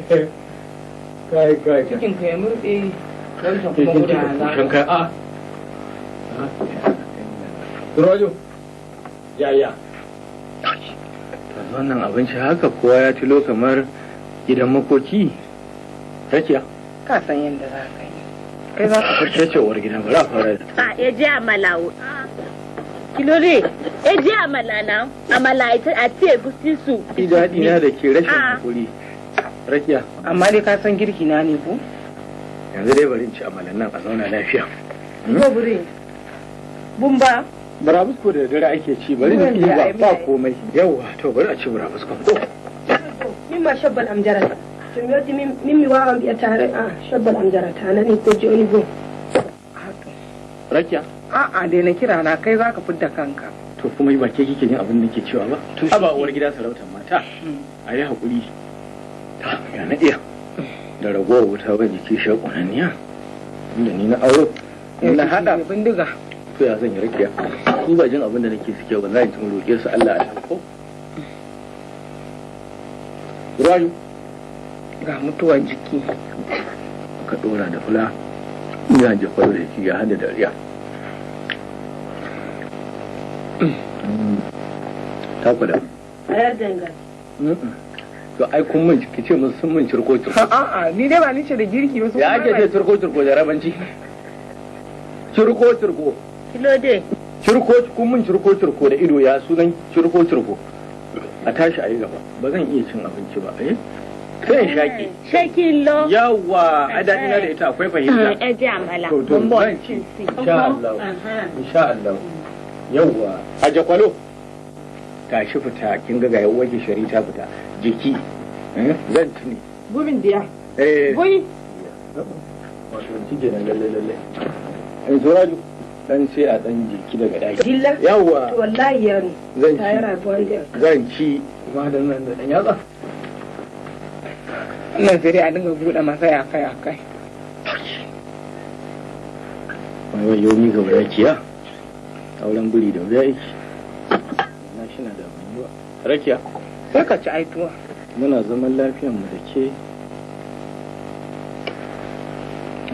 Kai kai. Cikin ka ya murɗe. ka Cikin ka a ya ya yaya. Wannan abinci haka kowa ya tilo kamar gidan makoki. Rakiya. Ka san yadda za ka yi. Kai za ka farce cewar gidan ba za ka fara da. A ah, ya ji a malawo. Kilore, ya ji a malana, a malaita a ce gusti su. Ki daɗi na da ke rashin ah. hakuri. Rakiya. Amma dai ka san girki na ne ko? Yanzu dai bari in ci amalan nan a zauna lafiya. Ko bure. Bumba. burabusko da dare ake ci bari na iya ba ba komai yawa to bari a ci burabusko min ma shabbal amjara to jimiyoti min mi wawan biya tare a ah, shabbal amjara ta nan ko ji oligo rakiya a a dai na kira na kai zaka fidda kanka to kuma yi ke kike ne abin da ke cewa ba to shi ba uwar gida sarautar mata mm. a yi hakuri ta ga na iya da ragowar wuta ba jiki shakunanniya inda ni na aure na hada bindiga koya zan yi rakiya ku ba jin abin da nake su kyau ba na yi tun roƙe su Allah a ko Rayu ga mutuwa jiki ka ɗora da fula ya jefa da ya hada riya ta kula ayar dangar to ai kun mun ki ce mun sun mun cirko a a ni dai ba ni ce da girki ba su ya ake ce cirko turko da rabanci cirko turko. Kilode. Cirko kun mun cirko cirko da ido ya sunan cirko cirko. A tashi a yi gaba ba zan iya cin abinci ba eh. Kan shaki. Eh, shaki lo. Yawa a ina da ita akwai fahimta. Eh ji amala. To don zan ci. Insha Allah. Uh-huh. Insha Allah. Yawa. A jakwalo. Tashi fita kin ga ga yawa ki shari ta fita. Jiki. Eh, zan ci ne. Burin diya. Eh. Buri. Wato ci kenan lalle lalle. Eh Suraju. dan sai a dan jiki daga daki yawa wallahi ya zan ci zan ci kuma dan nan da dan yatsa nan sai a dinga buɗe masa ya kai a kai yau ni ga rakiya auren buri da wuya yake na shi na da buwa rakiya sai ka ci aituwa muna zaman lafiyar mu da ke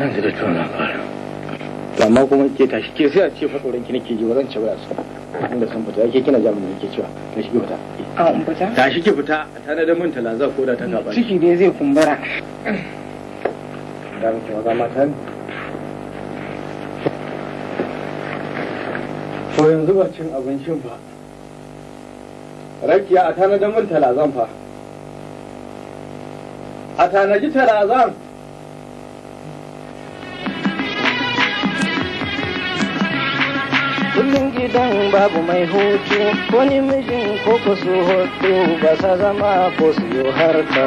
zai da tuwa na fara amma kuma ke tashi ke sai a ce fa tsoron ki ke ji ba zan ci ba su inda san fita ke kina jami'in ke cewa na shige fita a ah, in fita tashi ki fita a tana da manta laza ko da ta gaba ciki dai zai kumbura da mutum maza mata ne to yanzu ba cin abincin ba rakiya a tana da manta lazan fa a tanaji talazan gidan babu mai hutu wani mijin ko ku su hutu ba sa zama ko su yi harka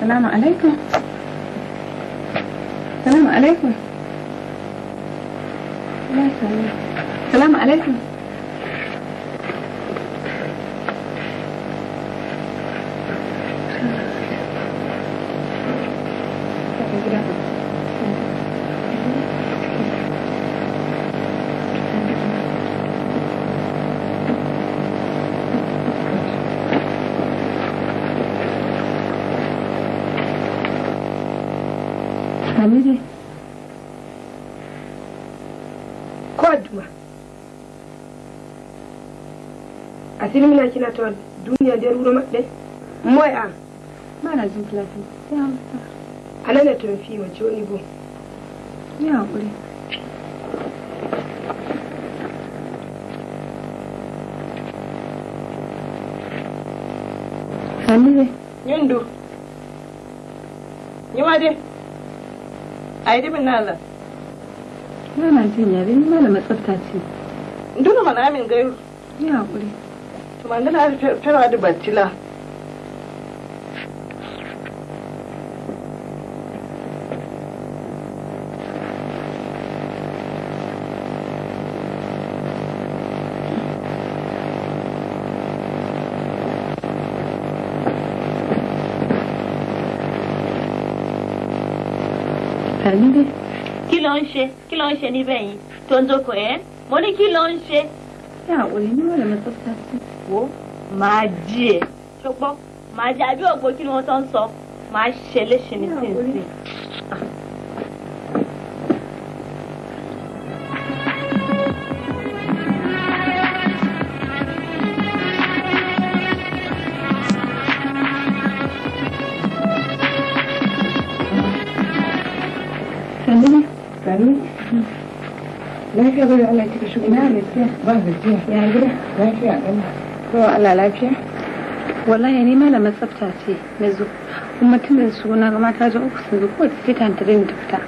Salamu alaikum. Salamu alaikum. Salamu alaikum. asilmina kina ta duniya da ruru maɗe moy a mana jin kilafi a hamsa ana fi tumfi wace wani go ya hakuri ne. Yundu. Yi ma dai. A yi dibin nala. Yana jin yare, ni malamin tsafta ce. Duna mana amin gairu. Ya kuri ಮಂಗಳಾರ da ಬಚ್ಚಿಲ್ಲ Kí ló ń ṣe? Kí ló ń ṣe níbẹ̀ yìí? Tó ń jókòó ẹ́? Mo ní kí ló ń ṣe? Ṣé àwọn ènìyàn lè mọ sí? máa jí ẹ ṣùgbọ́n máa jí àbí ògbó kí ni wọ́n tó ń sọ máa ṣe léṣe ní sínsìn. Lafiya bai Allah kika shigo. Ina lafiya. Ba gajiya. Ya gida. Lafiya Allah. kowa Allah lafiya. Wallahi ni malamar tsafta ce na zo. Kuma tun da su na gama ta zo uku sun zo kowace ce ta hantar da fita.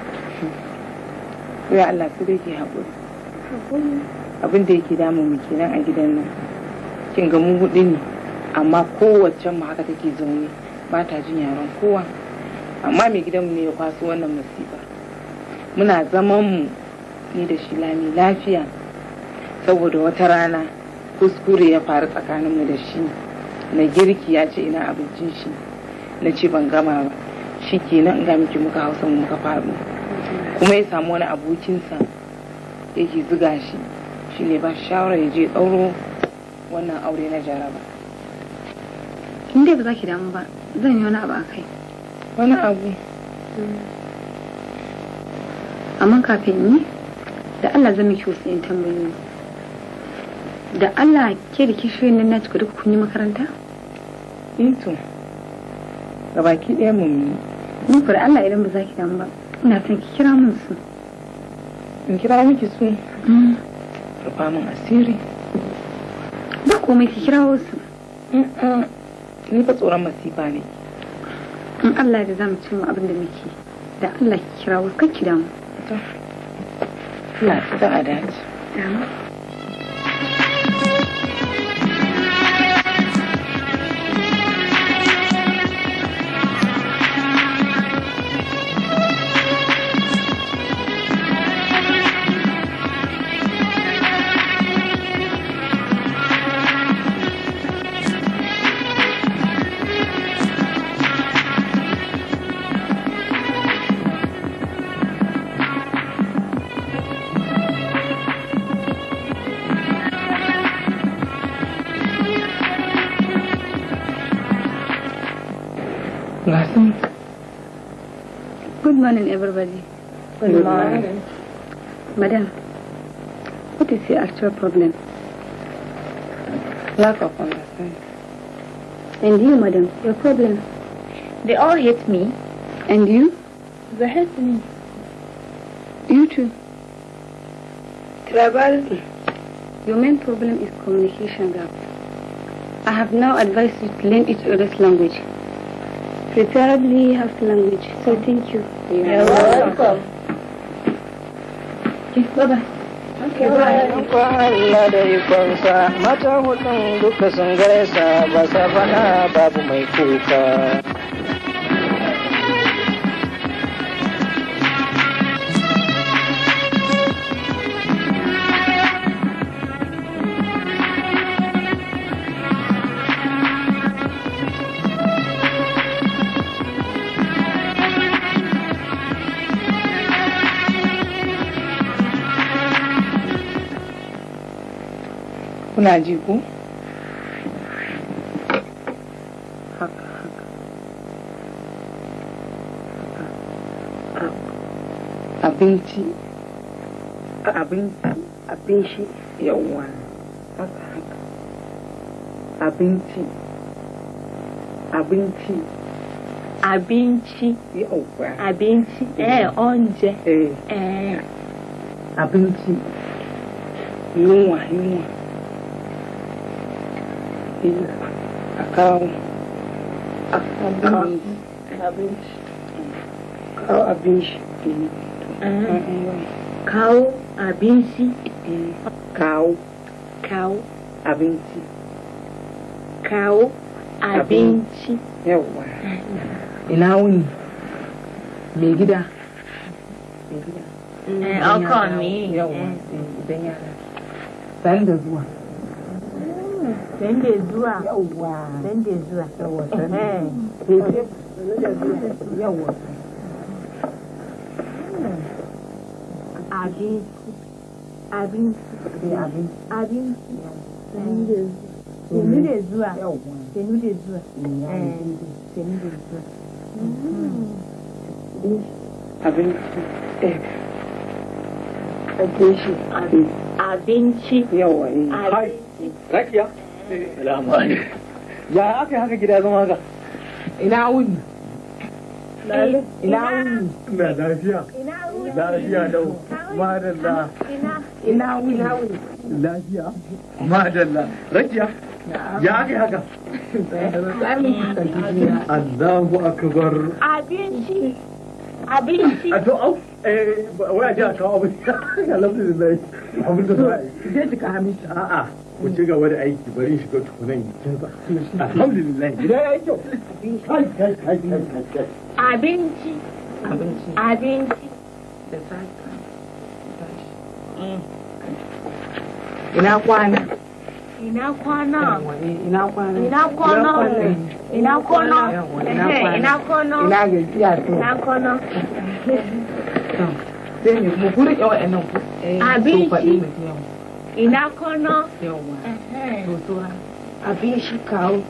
Ya Allah su dai ke haƙuri. Abin da yake damun mu kenan a gidan nan. Kin ga mu ne amma kowace mu haka take zaune ba ta jin yaren kowa. Amma mai gidanmu ne ya kwaso wannan masifa. Muna zaman mu ni da shi lami lafiya saboda wata rana kuskure ya faru tsakaninmu da shi na girki ya ce ina abincin shi na ce ban gama ba shi ke nan ga miki muka hausa muka faru kuma ya samu wani abokinsa yake zuga shi shi ne ba shawarar ya je tsauro wannan aure na jaraba kin ba za ki damu ba zan yi wani abu a kai wani abu amma kafin yi da allah zan miki wasu 'yan tambayoyi da Allah ke da kishiyoyin nan naci duk kun makaranta? Into, eh ga baki ɗaya mummi. yi. Ni kuwa Allah idan ba za ki damu ba, ina son ki kira min su. In kira miki su? Mm. Rufa min asiri. Ba komai ki kira wasu. Ni fa tsoron masifa ne. In Allah da za mu ci mu abin da muke, da Allah ki kira wasu kakki damu. Ina ta a dace. Damu. morning, everybody. Good, Good morning. morning. Madam, what is your actual problem? Lack of understanding. And you, madam, your problem? They all hate me. And you? They hate me. You too. Travel. Your main problem is communication gap. I have now advised you to learn each other's language. preferably half language. So thank you. You're welcome. Okay, bye-bye. Allah da mata hudun duka sun gaisa ba sa fana babu mai kuka. kuna ji ku haka haka abinci abinci abinci yawwa haka haka abinci abinci abinci yawwa abinci mm. eh onje eh. eh abinci yunwa yunwa vida. Acalma. Acalma. Kau abinci. Kau abinci. Kau. Kau abinci. Kau abinci. Yawwa. Ina wuni? Me gida? Me gida. Idan yara. Sani da zuwa. Sende zuwa. Yawwa. Sende zuwa. Yawwa. Yawwa. Abinci. Abinci. Abinci. Abinci. Senu zuwa. Senu zuwa. Senu zuwa. Abinci. Abinci. Abinci. Abinci. Yawwa. Abinci. Salamu alaikum. Ya aka haka gida zama haka? Ina wuni. Ina wuni. Na lafiya. Lafiya dau. Madalla. Ina wuni. Lafiya. Madalla. Rakiya. Ya aka haka? Allahu akbar. Abinci. Abinci. A to au. Eh, waya ji a kawo abinci. Alhamdulillah. Abin da za a yi. Zai cika hamisu. A'a. ku ci gaba da aiki bari shiga tukunan alhamdulillah gida ya kyau abinci abinci da eh, ina kwana ina kwana ina kwana ina kwana eh, ina kwana ina kwana ina Ina to ina kwana sai Ina kurke Ina abinci ina kono abin shi kawo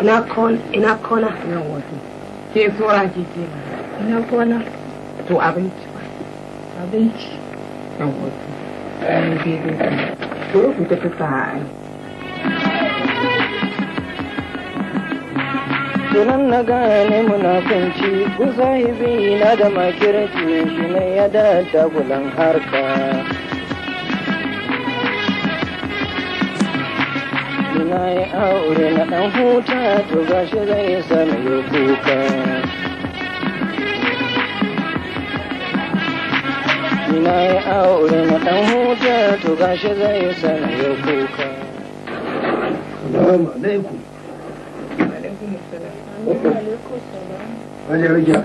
ina ina ke tsora ke ke to abinci abinci ta a Sunan na gane munafunci guzahibi na da makirci shi ne ya da dagulan harka. na yi aure na ɗan huta to gashi zai sami yi kuka na yi aure na ɗan huta to gashi zai sami yi kuka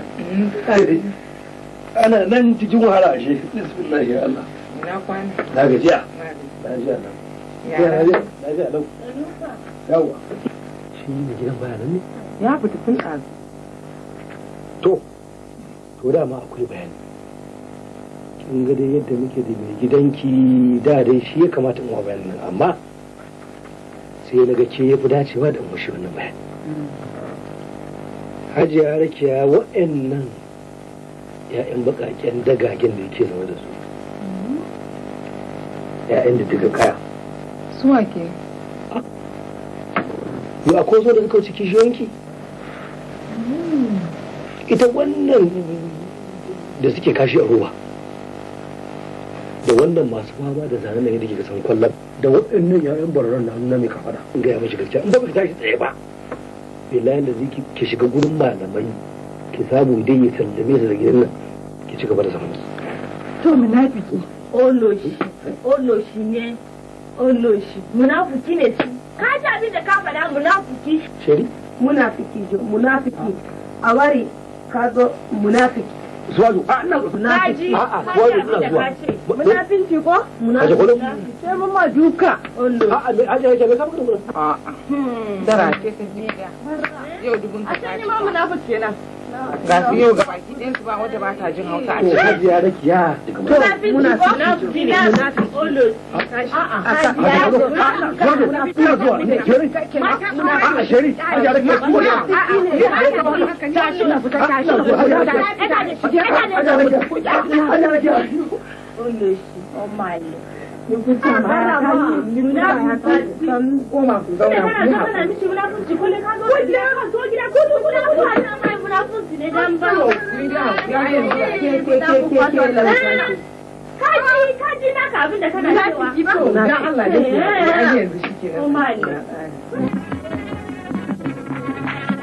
Ana nan cikin wahala Bismillah ya Allah. Na kwana. Na gajiya. Na gajiya ya fita ɗazu to to dama akwai bayani kin ga dai yadda muke da mai gidanki da dai shi ya kamata in wa bayanin nan amma sai na ga ke ya fi dacewa da in wannan bayani mm. hajiya rakiya wa'annan ya'yan baƙaƙen dagagen da yake zama da su mm. ya'yan da daga kaya suwa ke akwai so da suka wuce kishiyanki ita wannan da suke kashi a ruwa da wannan masu fama da zane mai da ke san kwallon da waɗannan yayan bararren na hannun mai kafada in gaya mashi gaskiya in ba ki tashi tsaye ba billahi da zai ke shiga gurin malamai ki samu idan ya sallame su da gidan nan ki ci gaba da zaman su to munafiki oloshi oloshi ne Oloshi, oh, munafiki ne shi. Ka ji abin da ka faɗa munafiki. Sheri? Munafiki jo, munafiki. A wari ka zo munafiki. Zuwa zuwa, ah, a ina munafiki. A'a, ah, ah, ko? Munafiki. Sai mun ma duka. Oloshi. A'a, a aje a me ka mutu. A'a. Dara. A sai ni ma munafiki kenan. ga ga baki ɗin ba wanda ba ta jin hausa a cikin hajiya da kiya to muna su na su fili muna su olo a a kullum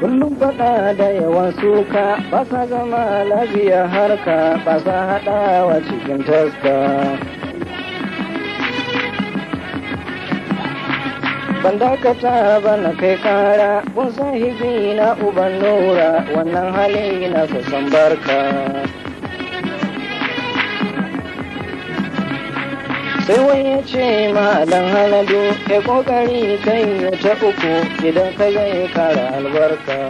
kullum faɗa da yawan suka ba sa zama lafiya harka ba sa haɗawa cikin taska. ban dakata ba na kai kara mun sahibi na uban nura wannan hali na kusan barka sai wani ya ce malam haladu kai kokari kai ta uku idan ka zai kara albarka